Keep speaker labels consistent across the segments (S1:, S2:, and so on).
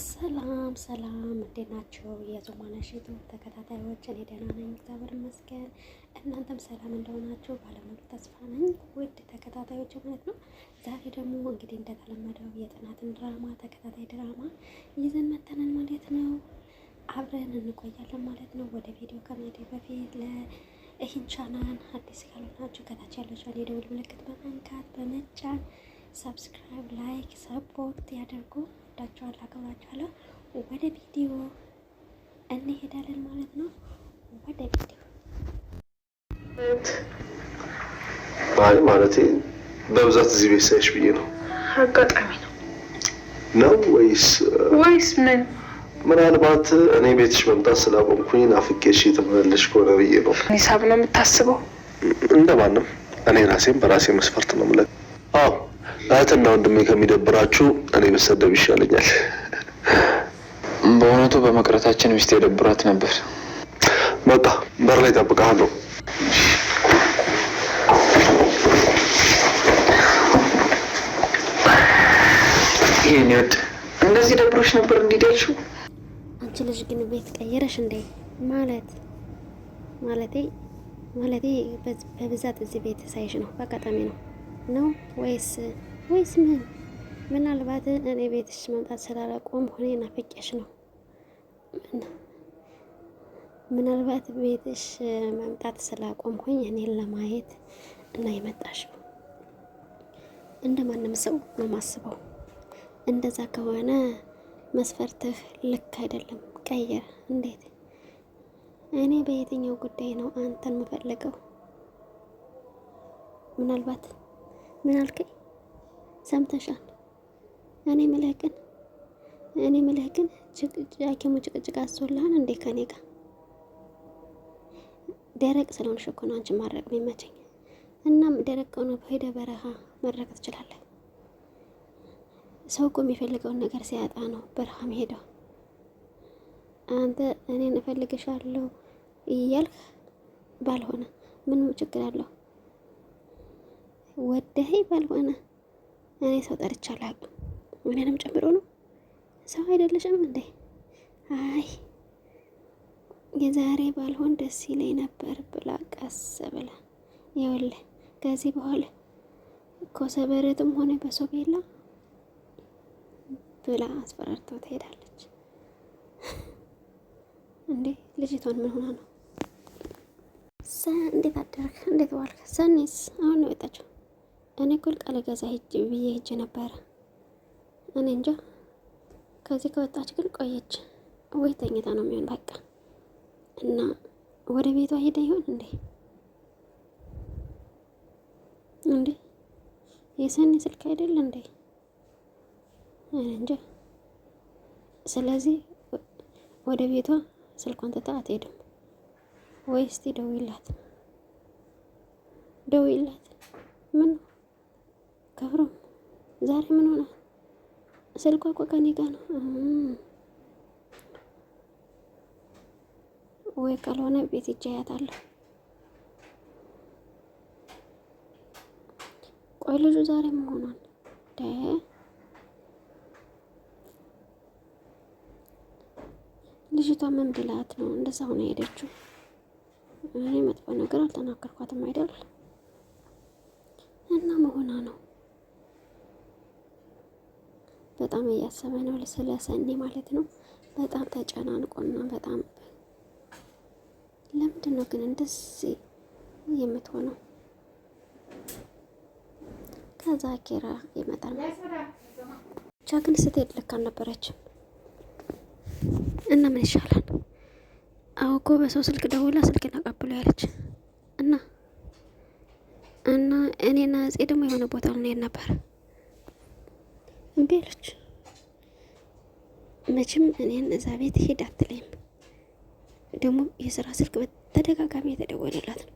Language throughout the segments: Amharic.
S1: ሰላም ሰላም፣ እንዴት ናቸው የዞማነሽ ዩቱብ ተከታታዮች? እኔ ደህና ነኝ እግዚአብሔር ይመስገን። እናንተም ሰላም እንደሆናችሁ ባለሙሉ ተስፋ ነኝ። ውድ ተከታታዮች ማለት ነው። ዛሬ ደግሞ እንግዲህ እንደተለመደው የጽናትን ድራማ ተከታታይ ድራማ ይዘን መተናል ማለት ነው። አብረን እንቆያለን ማለት ነው። ወደ ቪዲዮ ከመሄዴ በፊት ለይህን ቻናል አዲስ ካልሆናችሁ ከታች ያለችውን የደውል ምልክት በመንካት በመጫን ሰብስክራይብ፣ ላይክ፣ ሰፖርት ያደርጉ እወዳችኋለሁ፣ አከብራችኋለሁ። ወደ ቪዲዮ እንሄዳለን ማለት ነው። ወደ ቪዲዮ
S2: አይ ማለቴ በብዛት እዚህ ቤት ሳይሽ ብዬ ነው።
S3: አጋጣሚ ነው
S2: ነው ወይስ
S3: ወይስ ምን?
S2: ምናልባት እኔ ቤትሽ መምጣት ስላቆምኩኝ ናፍቄሽ የተመለሽ ከሆነ ብዬ ነው።
S3: ሂሳብ ነው የምታስበው?
S2: እንደማንም እኔ ራሴም በራሴ መስፈርት ነው ምለ አዎ እህትና ወንድሜ ከሚደብራችሁ እኔ ብሰደብ ይሻለኛል።
S4: በእውነቱ በመቅረታችን ሚስት የደብራት ነበር።
S2: በቃ በር ላይ እጠብቅሃለሁ። ይህን ወድ እንደዚህ ደብሮች ነበር እንዲደልሹ
S5: አንቺ ልጅ ግን ቤት ቀይረሽ እንዴ? ማለት ማለቴ ማለቴ በብዛት እዚህ ቤት ሳይሽ ነው በአጋጣሚ ነው ነው ወይስ ወይስ ምን? ምናልባት እኔ ቤትሽ መምጣት ስላላቆም ሆነ ናፍቄሽ ነው። ምናልባት ቤትሽ መምጣት ሆኝ እኔን ለማየት እና የመጣሽው እንደ ማንም ሰው ነው ማስበው። እንደዛ ከሆነ መስፈርትህ ልክ አይደለም። ቀየር። እንዴት? እኔ በየትኛው ጉዳይ ነው አንተን የምፈልገው? ምናልባት ምን አልከኝ? ሰምተሻል? እኔ የምልህ ግን እኔ የምልህ ግን ሐኪሙ ጭቅጭቅ አዞልሃል እንዴ? ከኔ ጋር ደረቅ ስለሆንሽ እኮ ነው አንቺን ማድረቅ የሚመቸኝ። እናም ደረቅ ሆኖ በሄደ በረሃ መድረቅ ትችላለህ። ሰው እኮ የሚፈልገውን ነገር ሲያጣ ነው በረሃ መሄደው። አንተ እኔን እፈልግሻለሁ እያልክ ባልሆነ ምን ችግር አለው ወደሄ ባልሆነ እኔ ሰው ጠርቻ አላውቅም። እኔንም ጨምሮ ነው። ሰው አይደለሽም እንዴ? አይ የዛሬ ባልሆን ደስ ይለኝ ነበር ብላ ቀስ ብላ ይወል ከዚህ በኋላ ኮሰበረትም ሆነ በሶቤላ ብላ አስፈራርተው ትሄዳለች። እንዴ ልጅቷን ምን ሆና ነው? ሰ እንዴት አደረግ እንዴት ዋልክ? ሰኒስ አሁን ነው የወጣችው። እኔ እኮ ገዛ ሂጅ ብዬ ሂጅ ነበረ። እኔ እንጃ ከዚህ ከወጣች ግን ቆየች ወይ ተኝታ ነው የሚሆን በቃ እና ወደ ቤቷ ሄደ ይሆን እንዴ? እንዴ የሰኒ ስልክ አይደል እንዴ? እኔ እንጃ። ስለዚህ ወደ ቤቷ ስልኳን ትታ አትሄድም ወይ? እስቲ ደውይላት፣ ደውይላት ምን አታፍሩም? ዛሬ ምን ሆነ? ስልኳ እኮ ከኔ ጋ ነው። ወይ ካልሆነ ቤት ሂጅ ቆይ ልጁ ዛሬ ምን ሆኗል? ልጅቷ ምን ብላት ነው እንደዛ ሆነ ሄደችው? እኔ መጥፎ ነገር አልተናገርኳትም አይደል? እና መሆና ነው በጣም እያሰበ ነው ስለ ሰኔ ማለት ነው። በጣም ተጨናንቆና በጣም ለምንድን ነው ግን እንደዚህ የምትሆነው? ከዛ ኬራ ይመጣል። ብቻ ግን ስትሄድ ልክ አልነበረችም እና ምን ይሻላል አዎ እኮ በሰው ስልክ ደውላ ስልኬን አቀብሎ ያለች እና እና እኔና እፄ ደግሞ የሆነ ቦታ ልንሄድ ነበር እምቢ አለች። መቼም እኔን እዛ ቤት ሄድ አትለይም። ደግሞ የስራ ስልክ በተደጋጋሚ የተደወለላት ነው።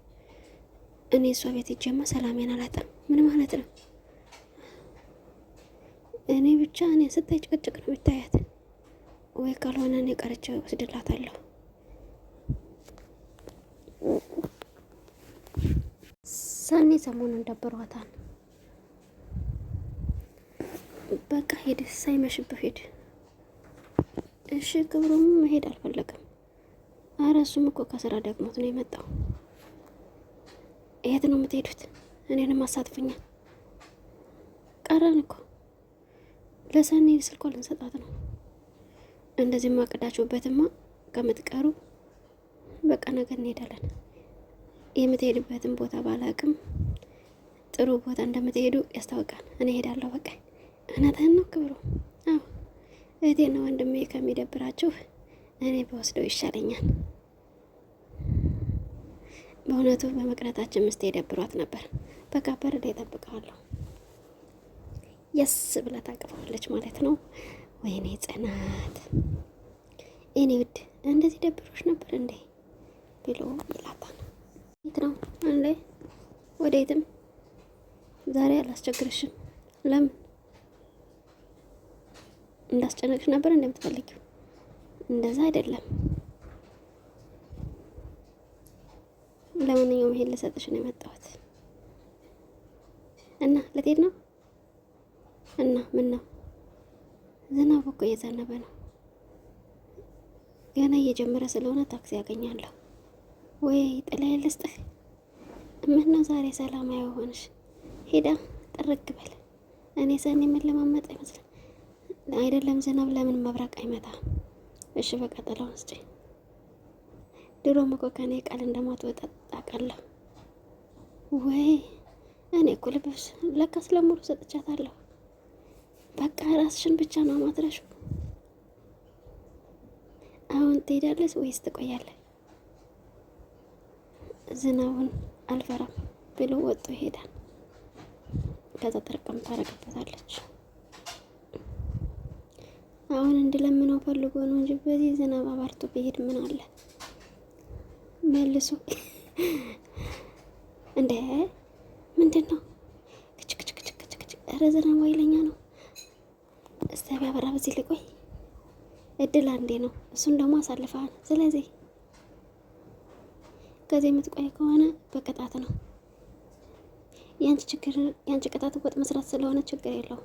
S5: እኔ እሷ ቤት ሄጄማ ሰላሜን አላጣም። ምን ማለት ነው? እኔ ብቻ እኔ ስታይ ጭቅጭቅ ነው የምታያት። ወይ ካልሆነ እኔ ቀርቼ ወስድላታለሁ። ሰኔ ሰሞኑን ደብሯታል። በቃ ሄድ፣ ሳይመሽብህ ሄድ። እሺ ክብሩም መሄድ አልፈለግም። አረ እሱም እኮ ከስራ ደግሞት ነው የመጣው። የት ነው የምትሄዱት? እኔንም አሳትፉኛ። ቀረን እኮ ለሰኔ ስልኮ ልንሰጣት ነው። እንደዚህ ማቀዳችሁበትማ ከምትቀሩ በቃ ነገር እንሄዳለን። የምትሄድበትን ቦታ ባላቅም ጥሩ ቦታ እንደምትሄዱ ያስታውቃል። እኔ ሄዳለሁ በቃ እውነትህን ነው ክብሩ? አዎ እህቴና ወንድሜ ከሚደብራችሁ እኔ በወስደው ይሻለኛል። በእውነቱ በመቅረታችን ምስቴ የደብሯት ነበር። በቃ በር ላይ እጠብቀዋለሁ። የስ ብላ ታቅፈዋለች ማለት ነው። ወይኔ ጽናት፣ እኔ ውድ እንደዚህ ደብሮች ነበር እንዴ ብሎ ይላታል። የት ነው አንዴ? ወዴትም ዛሬ አላስቸግርሽም። ለምን እንዳስጨነቅሽ ነበር እንደምትፈልጊው እንደዛ አይደለም። ለማንኛውም ይሄን ልሰጥሽ ነው የመጣሁት። እና ልትሄድ ነው? እና ምን ነው ዝናቡ እኮ እየዘነበ ነው። ገና እየጀመረ ስለሆነ ታክሲ ያገኛለሁ ወይ? ጥላይ ልስጥህ። ምን ነው ዛሬ ሰላማ አይሆንሽ? ሄዳ ጥርግ በል። እኔ ሰኔ የምንለማመጥ አይመስልም አይደለም ዝናብ ለምን መብረቅ አይመታም? እሺ በቀጠለው እስቲ ድሮም እኮ ከኔ ቃል እንደማትወጣ አውቃለሁ። ወይ እኔ እኮ ልብስ ለካ ስለሙሉ ሰጥቻታለሁ። በቃ ራስሽን ብቻ ነው ማትረሹ። አሁን ትሄዳለች ወይስ ትቆያለች? ዝናቡን አልፈራም ብሎ ወጡ ይሄዳል። ከዛ ጥርቅም ታረግበታለች። አሁን እንድለምነው ፈልጎ ነው እንጂ በዚህ ዝናብ አባርቶ ብሄድ ምን አለ መልሶ እንደ ምንድን ነው ክችክችክችክችክች ኧረ ዝናብ ኃይለኛ ነው። እስቲ ቢያበራ በዚህ ልቆይ እድል አንዴ ነው፣ እሱን ደግሞ አሳልፋል ስለዚህ ከዚህ የምትቆይ ከሆነ በቅጣት ነው። የአንቺ ችግር የአንቺ ቅጣት ወጥ መስራት ስለሆነ ችግር የለውም።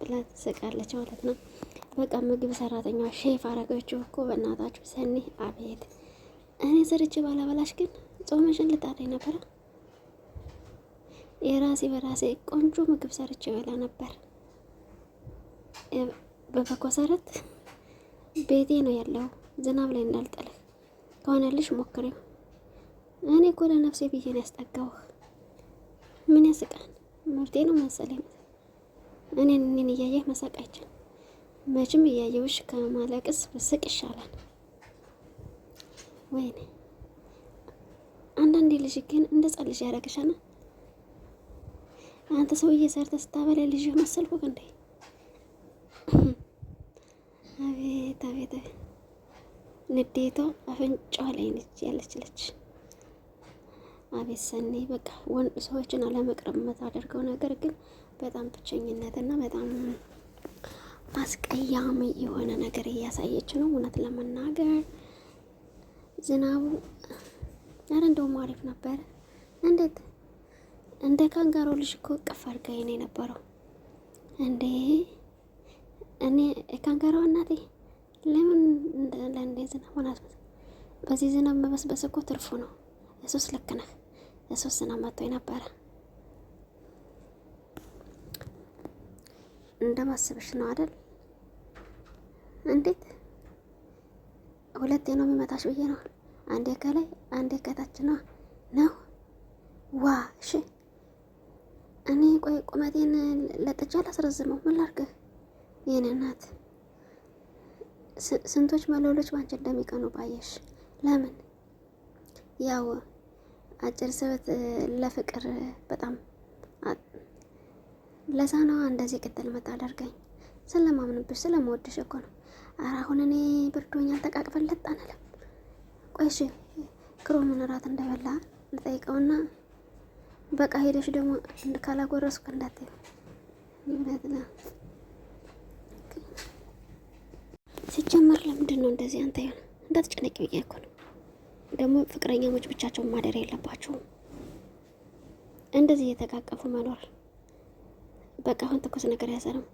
S5: ብላ ትስቃለች ማለት ነው። በቃ ምግብ ሰራተኛ ሼፍ አረገችው እኮ በእናታችሁ ሰኒ። አቤት እኔ ሰርቼ ባላበላሽ ግን ጾመሽን ልጣለኝ ነበረ። የራሴ በራሴ ቆንጆ ምግብ ሰርቼ በላ ነበር። በበኮሰረት ቤቴ ነው ያለው። ዝናብ ላይ እንዳልጠልህ ከሆነልሽ ሞክሬው። እኔ እኮ ለነፍሴ ብዬ ነው ያስጠጋሁህ። ምን ያስቃል? ምርቴ ነው መሰለኝ። እኔን እኔን እያየህ መሳቅ አይችል መቼም እያየውሽ ከማለቅስ ብስቅ ይሻላል። ወይኔ አንዳንዴ ልጅ ግን እንደ ጻ ልጅ ያደርግሻል። አንተ ሰውዬ ሰርተህ ስታበላ ልጅ መሰልኩ እንዴ? አቤት አቤት፣ ንዴቷ አፍንጫዋ ላይ ነች ያለችለች አቤት ሰኔ በቃ ወንድ ሰዎችን አለመቅረብ የምታደርገው ነገር ግን በጣም ብቸኝነት እና በጣም አስቀያሚ የሆነ ነገር እያሳየች ነው። እውነት ለመናገር ዝናቡ ኧረ እንደውም አሪፍ ነበር። እንዴት እንደ ካንጋሮ ልጅ እኮ እቅፍ አድርጋኝ ነው የነበረው። እንዴ እኔ ካንጋሮ እናቴ ለምን ለእንዴ ዝናብ ሆናት። በዚህ ዝናብ መበስበስ እኮ ትርፉ ነው። እሱስ ልክ ነህ፣ እሱስ ነው መጥቶኝ የነበረ እንደማስብሽ ነው አይደል? እንዴት ሁለቴ ነው የሚመጣሽ ብዬ ነው። አንዴ ከላይ አንዴ ከታች ነው ነው ዋ እሺ። እኔ ቆይ ቁመቴን ለጥጃ ላስረዝመው ምን ላድርግ? የኔ እናት ስንቶች መለሎች ባንቺ እንደሚቀኑ ባየሽ። ለምን ያው አጭር ስበት ለፍቅር በጣም ለዛናዋ እንደዚህ ቅጥል መታደርገኝ ስለማምንብሽ ስለምወድሽ እኮ ነው። ኧረ አሁን እኔ ብርዶኛል። ተቃቅፈን ለጣን ቆይሽ ክሮ ምን ክሮምን እራት እንዳይበላ ልጠይቀውና በቃ ሄደሽ ደግሞ ካላጎረስኩ እንዳትዪው። ሲጀመር ለምንድን ነው እንደዚህ አንተ ይሆን እንዳትጨነቂ ብዬሽ እኮ ነው። ደግሞ ፍቅረኛሞች ብቻቸውን ማደር የለባቸውም። እንደዚህ እየተቃቀፉ መኖር በቃ አሁን ትኩስ ነገር ያዘነው።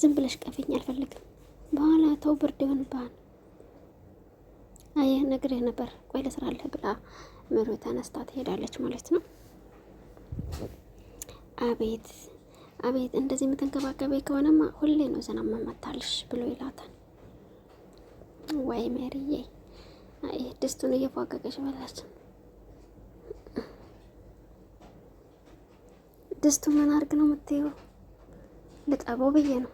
S5: ዝም ብለሽ ቀፍኝ አልፈልግም። በኋላ ተው ብርድ ይሆንብሃል። አየ ነግሬህ ነበር፣ ቆይ ልስራለህ ብላ ምሩ ተነስታ ትሄዳለች ማለት ነው። አቤት አቤት፣ እንደዚህ የምትንከባከበ ከሆነማ ሁሌ ነው ዘናማ መታልሽ ብሎ ይላታል። ወይ ሜሪዬ ይህ ድስቱን እየፏቀቀች በላች። ድስቱ ምን አድርግ ነው የምትይው? ልጠበው ብዬ ነው።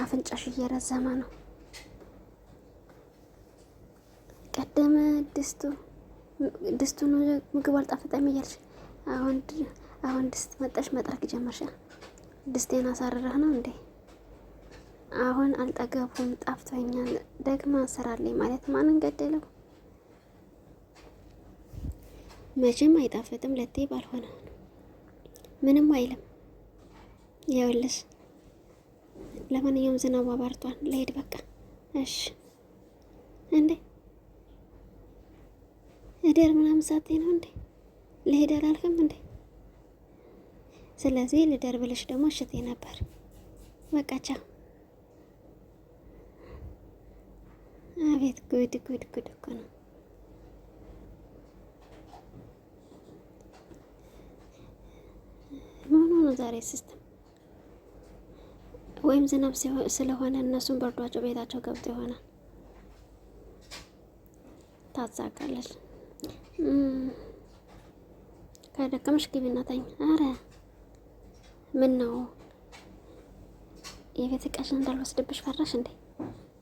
S5: አፍንጫሽ እየረዘመ ነው። ቀደመ ድስቱ ድስቱን ምግብ አልጣፈጠም እያልሽ አሁን አሁን ድስት መጣሽ መጥረግ ጀመርሻ። ድስቴን አሳረረህ ነው እንዴ? አሁን አልጠገቡም፣ ጣፍቶኛል። ደግማ እንሰራለኝ ማለት ማንን ገደለው? መቼም አይጣፍጥም። ለቴ ባልሆነ ምንም አይልም። ይኸውልሽ፣ ለማንኛውም ዝናቡ አባርቷል፣ ለሄድ በቃ። እሺ። እንዴ እደር ምናምን ሳቴ ነው እንዴ? ለሄድ አላልክም እንዴ? ስለዚህ ልደር ብለሽ ደግሞ እሽቴ ነበር። በቃ ቻው። አቤት ጉድ ጉድ ጉድ እኮ ነው። ምን ሆኖ ዛሬ ሲስተም ወይም ዝናብ ስለሆነ እነሱን በርዷቸው ቤታቸው ገብቶ ይሆናል። ታዛጋለች። ከደከመሽ ግቢና ተኝ። አረ ምን ነው የቤት እቃሽን እንዳልወስድብሽ ፈራሽ እንዴ?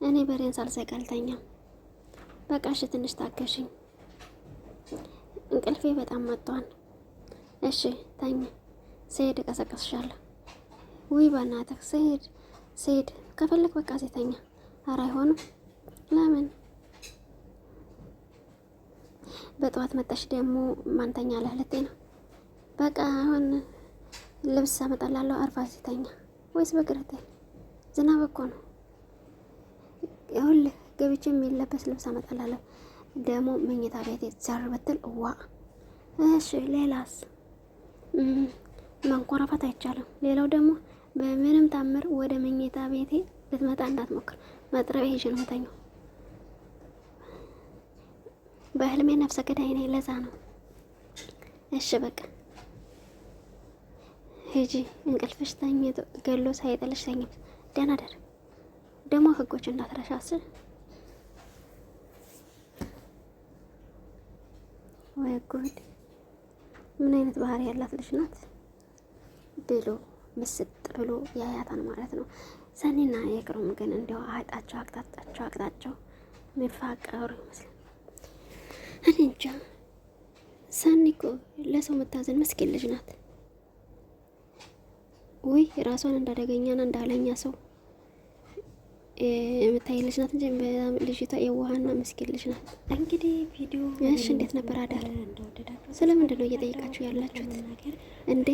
S5: እኔ በሬን ሳልዘጋ አልተኛም። በቃ እሺ ትንሽ ታገሽኝ፣ እንቅልፌ በጣም መጥቷል። እሺ ተኝ፣ ስሄድ እቀሰቅስሻለሁ። ውይ በእናትህ ስሄድ ስሄድ ከፈለግ በቃ ሴተኛ። አረ አይሆንም። ለምን በጠዋት መጣሽ ደግሞ ማንተኛ ለህለቴ ነው። በቃ አሁን ልብስ አመጣላለሁ። አርፋ ሴተኛ ወይስ በግርቴ ዝናብ እኮ ነው። ይኸውልህ ገብቼ የሚለበስ ልብስ አመጣላለሁ። ደግሞ መኝታ ቤት ዛር ብትል እዋ። እሺ ሌላስ? መንኮራፋት አይቻልም። ሌላው ደግሞ በምንም ታምር ወደ መኝታ ቤቴ ልትመጣ እንዳትሞክር። መጥረቢያ ይዤ ነው የምተኛው። በህልሜ ነፍሰ ገዳይ ነኝ። ለዛ ነው። እሺ በቃ ሂጂ፣ እንቅልፍሽ ተኝቶ ገሎ ሳይጠልሽ ተኝቶ ደህና ደር ደግሞ ህጎች እንዳትረሻስል ወይ ጉድ! ምን አይነት ባህሪ ያላት ልጅ ናት ብሎ ምስጥ ብሎ ያያታን ማለት ነው። ሰኔና የቅሩም ግን እንዲያው አጣቸው አቅጣጫቸው አቅጣጫው የሚፋቀሩ ይመስላል። እኔ እንጃ። ሰኒ እኮ ለሰው መታዘን መስኪን ልጅ ናት። ውይ ራሷን እንዳደገኛና እንዳለኛ ሰው የምታይ ልጅ ናት እንጂ በጣም ልጅቷ የዋሃና ምስኪን ልጅ ናት። እንግዲህ ቪዲዮ እሺ፣ እንዴት ነበር አዳር? ስለምንድን ነው እየጠየቃችሁ ያላችሁት እንዴ?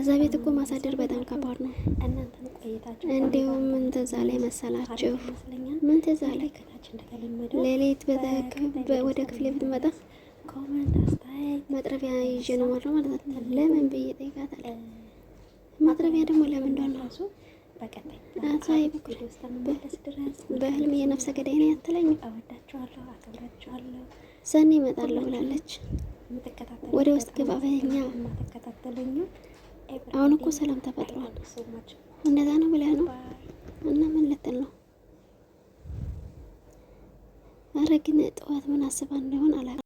S5: እዛ ቤት እኮ ማሳደር በጣም ከባድ ነው። እንዲሁም ምን ትዝ ላይ መሰላችሁ? ምን ትዝ ላይ ሌሊት ወደ ክፍሌ ብትመጣ መጥረቢያ ይዤ ነው ማለት ነው። ለምን ብዬ ጠይቃታለሁ። መጥረቢያ ደግሞ ለምን እንደሆነ በቀጣይ በህልም የነፍሰ ገዳይ ነው ያትለኝ። አወዳችኋለሁ፣ አከብራችኋለሁ። ሰኔ እመጣለሁ ብላለች። ወደ ውስጥ ግባ በኛ አሁን እኮ ሰላም ተፈጥሯል። እንደዛ ነው ብለህ ነው እና ምን ልትል ነው? አረ ግን ጠዋት ምን አስባ እንደሆን አላ